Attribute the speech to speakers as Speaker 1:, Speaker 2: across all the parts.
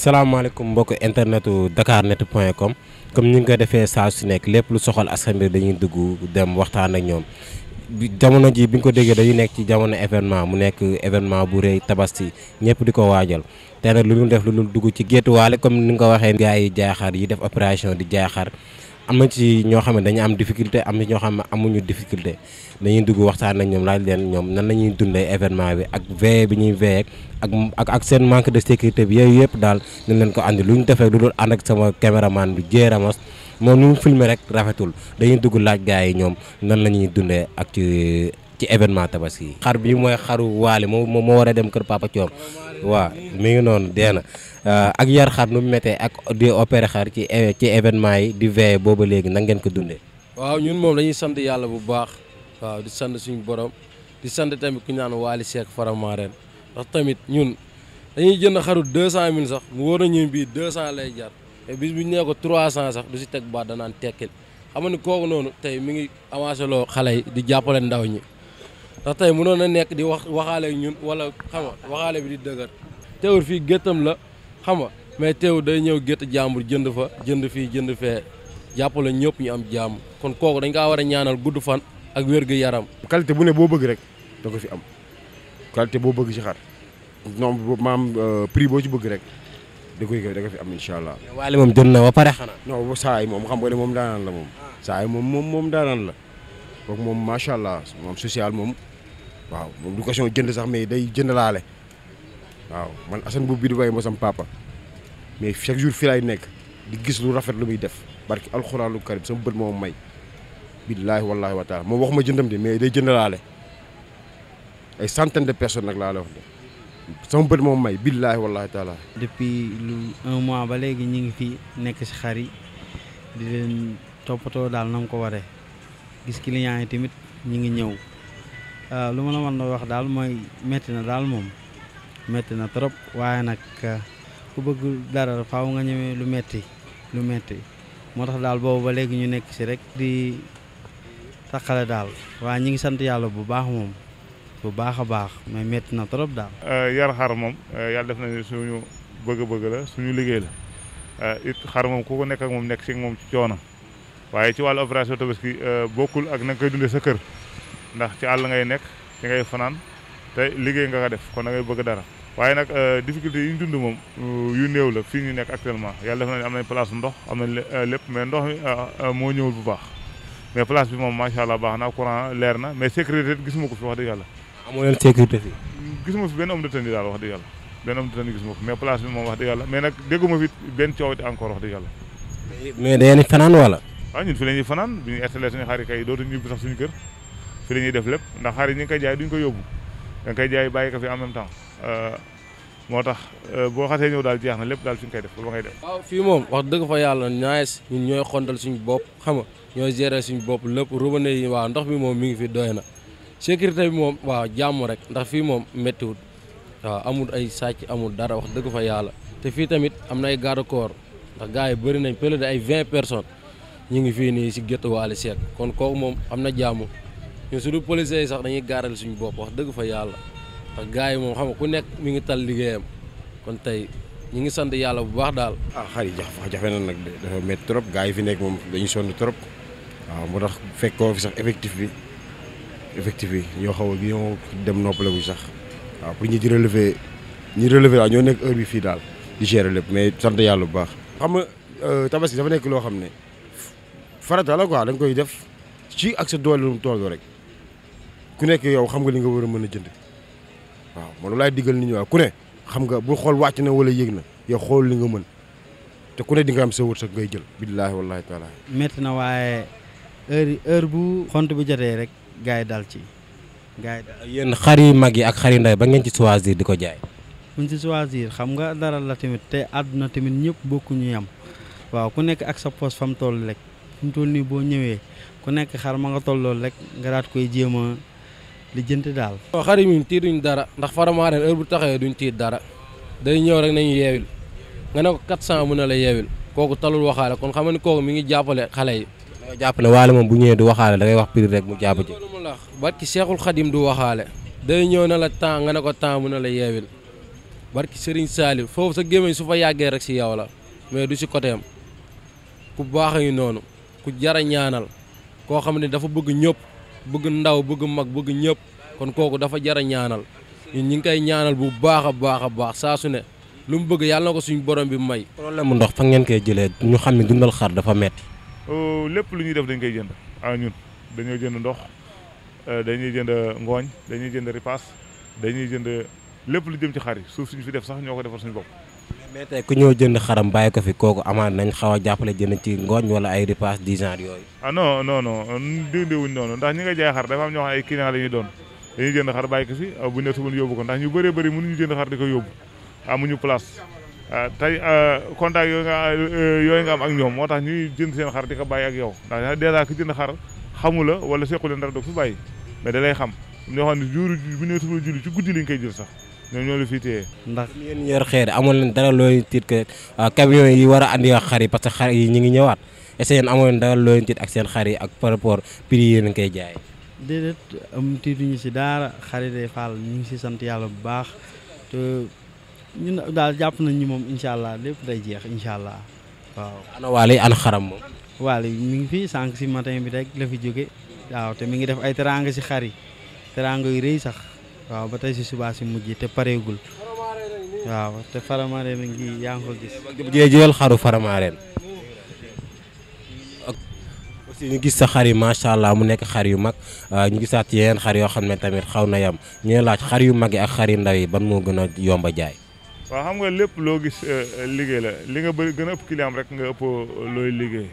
Speaker 1: salaamaaleykum mbokk internetu dakarnet.com comme ni nga ko defee saa su nekk lépp lu soxal askan dañuy dugg dem waxtaan ak ñoom jamono ji bi ñu ko déggee dañu nekk ci jamono événement mu nekk événement bu rëy tabaski ñëpp di ko waajal te nag lu ñu def lu ñu dugg ci waale comme ni nga ko waxee. gars yi jaay xar yi def opération di jaay am na ci ñoo xam ne dañu am difficulté am na ñoo xam ne amuñu difficulté dañuy dugg waxtaan ak ñoom laaj leen ñoom nan lañuy dundee événement bi ak veillé bi ñuy veillé ak ak ak seen manque de sécurité bi yooyu yëpp daal nañ leen ko andi lu ñu defee lu dul ànd ak sama caméraman bi Dieng Ramos moom lu mu filmé rek rafetul dañuy dugg laaj gars yi ñoom nan la ñuy dundee ak ci ci événement tabaski xar bi mooy xaru waale moo moo waree a dem kër Papa Thior waaw mi ngi noonu dee na ah, ak yar xar nu mu méttee ak di opéré xar ci ci événement yi di veillé booba léegi nan ngeen ko dundee.
Speaker 2: waaw ñun moom dañuy sant yàlla bu baax waaw di sant suñu borom di sant tamit ku ñaan Waly Seck ren ndax tamit ñun dañuy jënd xaru deux 200000 sax mu wóor na ñun bii 200 lay jar te bis bu ñu nee ko trois 300 sax du si teg baat danaan tekkil xam nga ni kooku noonu tey mi ngi avancé loo xale yi di jàppale ndaw ñi. ndax tey mënoon na nekk di wax waxaale ñun wala xam nga waxaale bi di dëgër teewul fii géttam la xam nga mais teewul day ñëw gétt jàmbur jënd fa jënd fii jënd fee jàppale ñëpp ñu am jàmm kon kooku dañ kaa war a ñaanal gudd fan ak wérgu yaram.
Speaker 3: qualité bu ne boo bëgg rek da ko fi am qualité boo bëgg ci xar non maam euh, prix boo ci bëgg rek da koy da ko fi am incha allah. moom jënd na ba pare xanaa. non saa moom xam nga ne moom daanaan la moom. Ah. saa moom moom moom daanaan la. kooku moom macha allah moom social moom waaw moom du question jënd sax mais day jënd laale waaw man Assane boobu bi du bàyyi ma papa mais chaque jour fii lay nekk di gis lu rafet lu muy def barki alxuraan lu karim sama bët moom may billaahi wallaahi wa taala moom waxuma jëndam de mais day jënd ay centaine de personnes nag laa la wax sama bët moom may billaahi wallaahi taala
Speaker 4: depuis lu un mois ba léegi ñu ngi fi nekk si xar yi di leen toppatoo daal na mu ko waree gis client yi tamit ñu ngi ñëw euh, lu ma la mën a wax daal mooy metti na daal moom metti na trop waaye nag ku bëgg dara faw nga ñëwee lu metti lu metti moo tax daal boobu ba léegi ñu nekk si rek di taqale daal waaye ñu ngi sant yàlla bu baax moom bu baax a baax mais metti na trop daal.
Speaker 5: Euh, yar xar moom euh, yàlla def nañu suñu bëgg-bëgg la suñu liggéey la it xar moom ku ko nekk moom nekk si moom ci coonam. waaye ci wàllu opération tabaski euh, bokkul ak na nga koy dundee sa kër ndax ci àll ngay nekk ci ngay fanaan te liggéey nga ko def kon na ngay bëgg dara waaye nag euh, difficulté yi ñu dund moom euh, yu néew la fii ñu nekk actuellement yàlla def na ne am nañ place ndox am nañ lépp mais ndox mi moo ñëwul bu baax mais place bi moom macha allah baax na courant leer na mais sécurité gisuma ko fi wax dëgg yàlla. amoo leen sécurité fi. gisuma fi benn homme de daal wax dëgg yàlla benn homme de tenue gisuma ko mais place bi moom wax dëgg yàlla mais nag dégguma fi benn coow it waaw ah, fi la fanaan bu ñu installé suñu xar yi kay dootuñu ñibbi sax suñu kër fi la def lépp ndax xar yi ñu ngi koy jaay duñ ko yóbbu da nga koy jaay bàyyi ko fi en même temps euh, moo tax euh, boo xasee ñëw daal jeex na lépp daal fi ñu koy def ba ngay def. waaw fii moom wax dëgg fa yàlla ñaares ñun suñu bopp
Speaker 2: xam nga ñooy gérer suñu bopp lépp robinet yi waaw ndox bi moom mi ngi fi doy na sécurité bi moom waaw jàmm rek ndax fii moom méttiwut waaw amul ay sàcc amul dara wax dëgg fa yàlla te fii tamit am na ay garde corps ndax yi bëri nañ pële de ay vingt personnes ñu ngi fii nii si gétt Wally Seck kon kooku moom am na jaamu ñu suñu policiers yi sax dañuy gaaral suñu bopp wax dëgg fa yàlla ndax gars yi moom xam nga ku nekk mi ngi tal liggéeyam kon tey ñu ngi sant yàlla bu baax daal.
Speaker 3: ah xar jafe na nag dafa métti trop gars yi fi nekk moom dañu sonn trop waaw moo tax fekkoo fi sax effectif bi effectif bi ñoo xaw a ñoo dem noppaleku sax waaw pour ñu di ñu relever ñoo nekk heure fii daal di gérer mais sant yàlla bu baax. xam nga euh, tabaski dafa nekk loo xam ne. farata la quoi da koy def ci ak sa doole lu mu toll rek ku nekk yow xam nga li nga war a mën a jënd waaw man laay diggal nit ñi waaw ku xam nga bu xool wàcc na wala yéeg na yow li nga mën te ku di nga am sa wërsëg ngay jël. billaahi wallaahi taala.
Speaker 4: métti na waaye heure heure bu. xont bu jotee rek gars yi dal ci gars yi dal. yéen xar yu mag yi
Speaker 1: ak xar yu ba ngeen ci choisir di ko jaay.
Speaker 4: buñ ci choisir xam nga dara la tamit te àdduna tamit ñëpp bokkuñu yam waaw ku nekk ak sa poos fam toll rek. fi mu toll nii boo ñëwee ku nekk xar ma nga toll loolu rek nga daat koy jéem a daal.
Speaker 2: waaw xar yi ñun tiituñ dara ndax faramaareen heure bu taxawee duñ tiit dara day ñëw rek nañu yeewil nga ne ko 400 mun na la yeewil kooku talul waxaale kon xam nga ni kooku mi ngi jàppale xale yi. da jàpp ne waale moom
Speaker 1: bu ñëwee du waxaale da ngay wax prix rek mu jàpp ci.
Speaker 2: barki Seexul Xadim du waxaale. day ñëw na la temps nga ne ko temps mën na la yeewil barki Serigne Saliou foofu sa gémmiñ su fa yàggee rek si yow la mais du si côté am baax a ngi noonu. ku jara ñaanal koo xam ne dafa bëgg ñëpp bëgg ndaw bëgg mag bëgg ñëpp kon kooku dafa jara ñaanal ñun ñi ngi koy ñaanal bu baax a baax a baax saa su ne lu mu bëgg yàlla na
Speaker 5: ko suñu borom bi may. problème mu ndox fa ngeen koy
Speaker 1: jëlee ñu xam ne dundal xar dafa metti
Speaker 5: oh, lépp lu ñuy def dañ koy jënd a ah, ñun dañoo jënd ndox euh, dañuy jënd ngooñ dañuy jënd ripaas dañuy jënd lépp lu jëm ci xar yi suuf suñu fi def sax ñoo ko defar suñu bopp. mais tey ku ñëw jënd xaram
Speaker 1: bàyyi ko fi kooku amaat nañ xaw a jàppale jënd ci ngooñ wala ay repas du genre
Speaker 5: yooyu. ah non non non diwdiwuñ ndax ñi nga jaay xar dafa am ñoo ay client la ñuy doon dañuy jënd xar bàyyi ko fi ah, bu ne ko ndax ñu bëree bëri mënuñu jënd xar di ko yóbbu amuñu place ah, tey ah, contact yooyu nga euh, yooyu nga am ak ñoom moo tax ñuy jënd seen xar di ko bàyyi ak yow ndax dèjà ku jënd xar xamu la wala sequ leen dara doog fi bàyyi mais da lay xam ñoo xam bu ne suba julli ci guddi lañ koy jël sax ñoo ñoo la ndax yéen yor xeer
Speaker 1: amoon leen dara looy tiit que ah, camion yi war a andi xar yi parce que xar yi ñu ngi ñëwaat est ce que yéen amoon leen dara looy tiit ak seen xar yi ak par rapport prix yi ngeen koy jaay.
Speaker 4: déedéet am tiituñu si daara xar yi day ñu ngi si sant yàlla bu baax te ñun daal jàpp nañ ñi moom incha allah lépp day jeex incha allah waaw. ana yi ana xaram moom. yi mi ngi fi sànq si matin bi rek la fi jóge waaw te mi ngi def ay teraanga si xar yi teraanga yu sax. waaw ba tey si subaa si mujj te pareegul waaw te Faramareen ngi yaa ngi ko gis. jërëjëf jël xaru
Speaker 1: Faramareen. aussi ñu gis sa xar yi macha allah mu nekk xar yu mag ah, ñu gisaat yeneen xar yoo xam ne tamit xaw na yam ñu laaj xar yu mag yi ak xar yu ndaw yi ban moo gën a yomb jaay.
Speaker 5: waaw xam nga lépp loo gis eh, liggéey la li nga bëri gën a ëpp client rek nga ëpp looy liggéey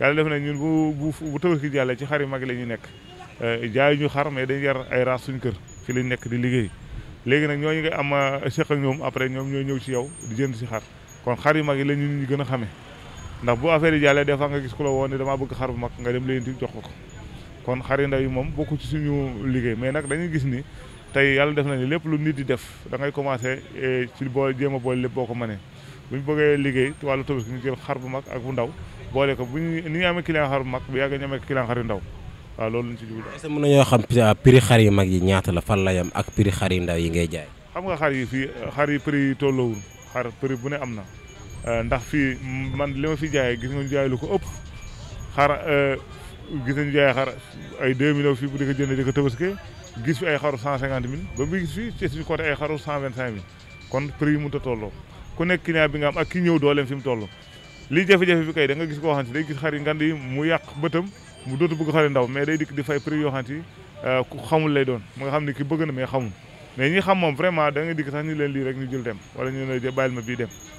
Speaker 5: yàlla def na ñun bu bu bu tabaski ci xar yu mag la ñu nekk eh, jaay ñu xar mais dañu yar ay suñu kër. ci lañ nekk di liggéey léegi nag ñooñu nga am euh, seq ak après ñoom ñooy ñëw ci yow di jënd ci xar kon xar yu mag yi la ñu nit gën a xamee ndax bu affaire yi jàllee des nga gis ku la woo ne damaa bëgg xar bu mag nga dem léegi jox ko ko kon xar yu ndaw yi moom bokku ci suñu liggéey mais nag dañuy gis ni tey yàlla def na ni lépp lu nit di def da ngay commencé euh, ci boo jéem a boole lépp boo ko mënee bu ñu bëggee liggéey wàllu tabaski ñu jël xar bu mag ak bu ndaw boole ko bu ñu ni ñu amee client xar bu mag bu yàggee ñu amee xar yu ndaw waaw loolu lañ ci jublu. est-ce que mën xam
Speaker 1: euh, prix xar yu mag yi ñaata la fan la yam ak prix xar yu ndaw yi ngay jaay.
Speaker 5: xam nga xar yi fii xar yi prix yi tolloowul xar prix bu ne am na euh, ndax fii man li ma fi jaayee gis nga ñu jaay lu ko ëpp xar euh, gis nañu jaay xar ay 2 millions fii bu di ko jëndee di ko tëbaskee gis fi ay xaru 150 mille ba muy gis fii ci suñu côté ay xaru 125 mille kon prix yi mënut a tolloo ku nekk client bi nga am ak ki ñëw dooleem fi mu toll. lii nga gis koo xam ne day gis xar yi ngand mu yàq bëtam. mu dootu bëgg xale ndaw mais day dikk di fay prix yoo xam euh, ku xamul lay doon mu nga xam ne ki bëgg na mais xamul mais ñi xam moom vraiment da nga dikk sax ñu leen lii rek ñu jël dem wala ñu leen bàyyil ma bii dem